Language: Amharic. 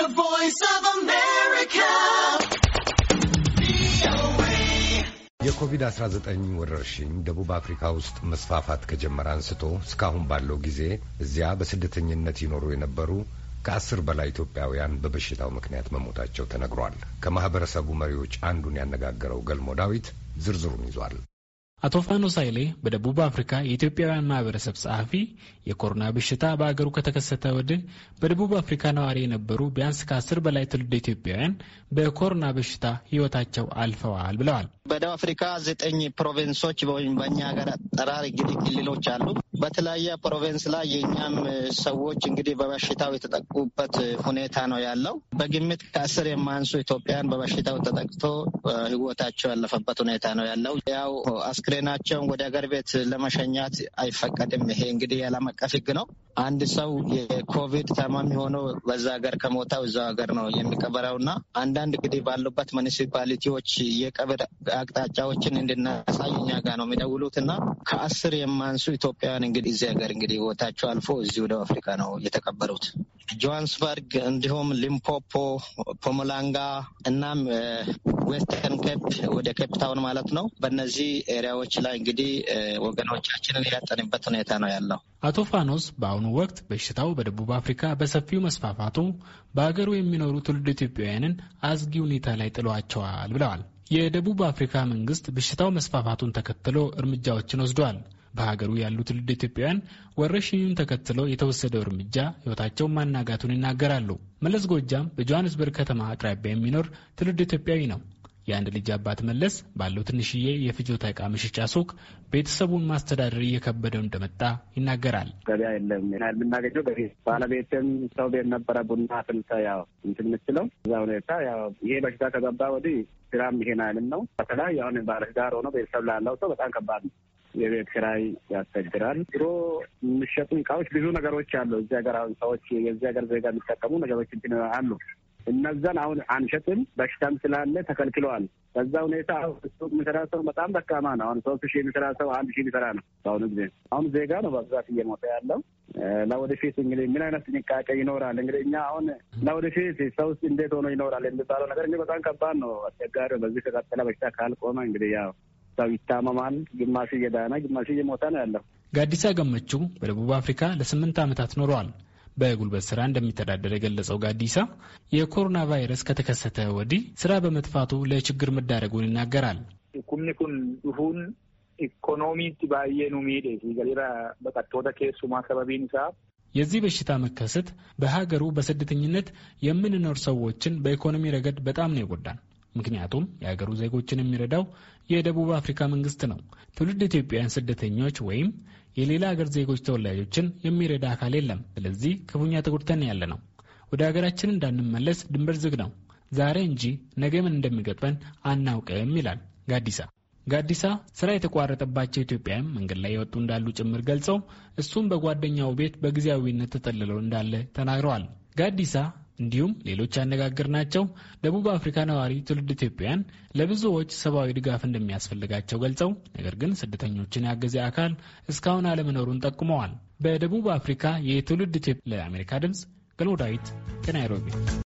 The Voice of America. የኮቪድ-19 ወረርሽኝ ደቡብ አፍሪካ ውስጥ መስፋፋት ከጀመረ አንስቶ እስካሁን ባለው ጊዜ እዚያ በስደተኝነት ይኖሩ የነበሩ ከአስር በላይ ኢትዮጵያውያን በበሽታው ምክንያት መሞታቸው ተነግሯል። ከማህበረሰቡ መሪዎች አንዱን ያነጋገረው ገልሞ ዳዊት ዝርዝሩን ይዟል። አቶ ፋኖስ ኃይሌ በደቡብ አፍሪካ የኢትዮጵያውያን ማህበረሰብ ጸሐፊ የኮሮና በሽታ በአገሩ ከተከሰተ ወዲህ በደቡብ አፍሪካ ነዋሪ የነበሩ ቢያንስ ከአስር በላይ ትውልድ ኢትዮጵያውያን በኮሮና በሽታ ህይወታቸው አልፈዋል ብለዋል። በደቡብ አፍሪካ ዘጠኝ ፕሮቪንሶች ወይም በእኛ ሀገር ጠራር እንግዲህ ክልሎች አሉ። በተለያየ ፕሮቬንስ ላይ የእኛም ሰዎች እንግዲህ በበሽታው የተጠቁበት ሁኔታ ነው ያለው። በግምት ከአስር የማያንሱ ኢትዮጵያን በበሽታው ተጠቅቶ ህይወታቸው ያለፈበት ሁኔታ ነው ያለው። ያው አስክሬናቸውን ወደ ሀገር ቤት ለመሸኛት አይፈቀድም። ይሄ እንግዲህ ዓለም አቀፍ ህግ ነው። አንድ ሰው የኮቪድ ታማሚ ሆኖ በዛ ሀገር ከሞታው እዛው ሀገር ነው የሚቀበረው እና አንዳንድ እንግዲህ ባሉበት ሙኒሲፓሊቲዎች የቀብር አቅጣጫዎችን እንድናሳይ እኛ ጋር ነው የሚደውሉት እና ከአስር የማንሱ ኢትዮጵያውያን እንግዲህ እዚህ ሀገር እንግዲህ ቦታቸው አልፎ እዚህ ወደ አፍሪካ ነው የተቀበሩት። ጆሃንስበርግ፣ እንዲሁም ሊምፖፖ፣ ፖሞላንጋ እናም ዌስተርን ኬፕ ወደ ኬፕታውን ማለት ነው። በእነዚህ ኤሪያዎች ላይ እንግዲህ ወገኖቻችንን ያጠንበት ሁኔታ ነው ያለው። አቶ ፋኖስ በአሁኑ ወቅት በሽታው በደቡብ አፍሪካ በሰፊው መስፋፋቱ በሀገሩ የሚኖሩ ትውልድ ኢትዮጵያውያንን አስጊ ሁኔታ ላይ ጥሏቸዋል ብለዋል። የደቡብ አፍሪካ መንግስት በሽታው መስፋፋቱን ተከትሎ እርምጃዎችን ወስዷል። በሀገሩ ያሉ ትውልድ ኢትዮጵያውያን ወረሽኙን ተከትሎ የተወሰደው እርምጃ ሕይወታቸውን ማናጋቱን ይናገራሉ። መለስ ጎጃም በጆሃንስበርግ ከተማ አቅራቢያ የሚኖር ትውልድ ኢትዮጵያዊ ነው። የአንድ ልጅ አባት መለስ ባለው ትንሽዬ የፍጆታ እቃ መሸጫ ሱቅ ቤተሰቡን ማስተዳደር እየከበደው እንደመጣ ይናገራል። ገበያ የለም ና የምናገኘው ገ ባለቤትም ሰው ቤት ነበረ ቡና ፍልተ ያው እንትን የምትለው እዛ ሁኔታ ያው ይሄ በሽታ ከገባ ወዲህ ስራም ይሄን አይልም ነው። በተለይ አሁን ባለትዳር ሆኖ ቤተሰብ ላለው ሰው በጣም ከባድ ነው። የቤት ኪራይ ያስቸግራል። ድሮ የሚሸጡ እቃዎች ብዙ ነገሮች አሉ። እዚህ ሀገር አሁን ሰዎች የዚህ ሀገር ዜጋ የሚጠቀሙ ነገሮች እንትን አሉ እነዛን አሁን አንሸጥም፣ በሽታም ስላለ ተከልክለዋል። በዛ ሁኔታ ሱቅ የሚሰራ ሰው በጣም ደካማ ነው። አሁን ሶስት ሺህ የሚሰራ ሰው አንድ ሺህ የሚሰራ ነው። በአሁኑ ጊዜ አሁን ዜጋ ነው በብዛት እየሞተ ያለው። ለወደፊት እንግዲህ ምን አይነት ጥንቃቄ ይኖራል? እንግዲህ እኛ አሁን ለወደፊት ሰው ውስጥ እንዴት ሆኖ ይኖራል የሚባለው ነገር እንግዲህ በጣም ከባድ ነው፣ አስቸጋሪ ነው። በዚህ ከቀጠለ በሽታ ካልቆመ እንግዲህ ያው ሰው ይታመማል። ግማሹ እየዳነ ግማሹ እየሞተ ነው ያለው። ጋዲሳ ገመቹ በደቡብ አፍሪካ ለስምንት ዓመታት ኖረዋል። በጉልበት ስራ እንደሚተዳደር የገለጸው ጋዲሳ የኮሮና ቫይረስ ከተከሰተ ወዲህ ስራ በመጥፋቱ ለችግር መዳረጉን ይናገራል። ኩን ዱፉን ኢኮኖሚት ባየኑ ሚዴ ገሌራ በቀቶተ ኬሱማ ሰበቢን ሳ የዚህ በሽታ መከሰት በሀገሩ በስደተኝነት የምንኖር ሰዎችን በኢኮኖሚ ረገድ በጣም ነው ይጎዳል። ምክንያቱም የሀገሩ ዜጎችን የሚረዳው የደቡብ አፍሪካ መንግስት ነው። ትውልድ ኢትዮጵያውያን ስደተኞች ወይም የሌላ ሀገር ዜጎች ተወላጆችን የሚረዳ አካል የለም። ስለዚህ ክፉኛ ተጎድተን ያለ ነው። ወደ ሀገራችን እንዳንመለስ ድንበር ዝግ ነው። ዛሬ እንጂ ነገ ምን እንደሚገጥመን አናውቅም ይላል ጋዲሳ። ጋዲሳ ስራ የተቋረጠባቸው ኢትዮጵያውያን መንገድ ላይ የወጡ እንዳሉ ጭምር ገልጸው እሱም በጓደኛው ቤት በጊዜያዊነት ተጠልለው እንዳለ ተናግረዋል። ጋዲሳ እንዲሁም ሌሎች ያነጋገርናቸው ደቡብ አፍሪካ ነዋሪ ትውልድ ኢትዮጵያውያን ለብዙዎች ሰብአዊ ድጋፍ እንደሚያስፈልጋቸው ገልጸው ነገር ግን ስደተኞችን ያገዘ አካል እስካሁን አለመኖሩን ጠቁመዋል። በደቡብ አፍሪካ የትውልድ ኢትዮጵያ ለአሜሪካ ድምፅ ገልሞ ዳዊት ከናይሮቢ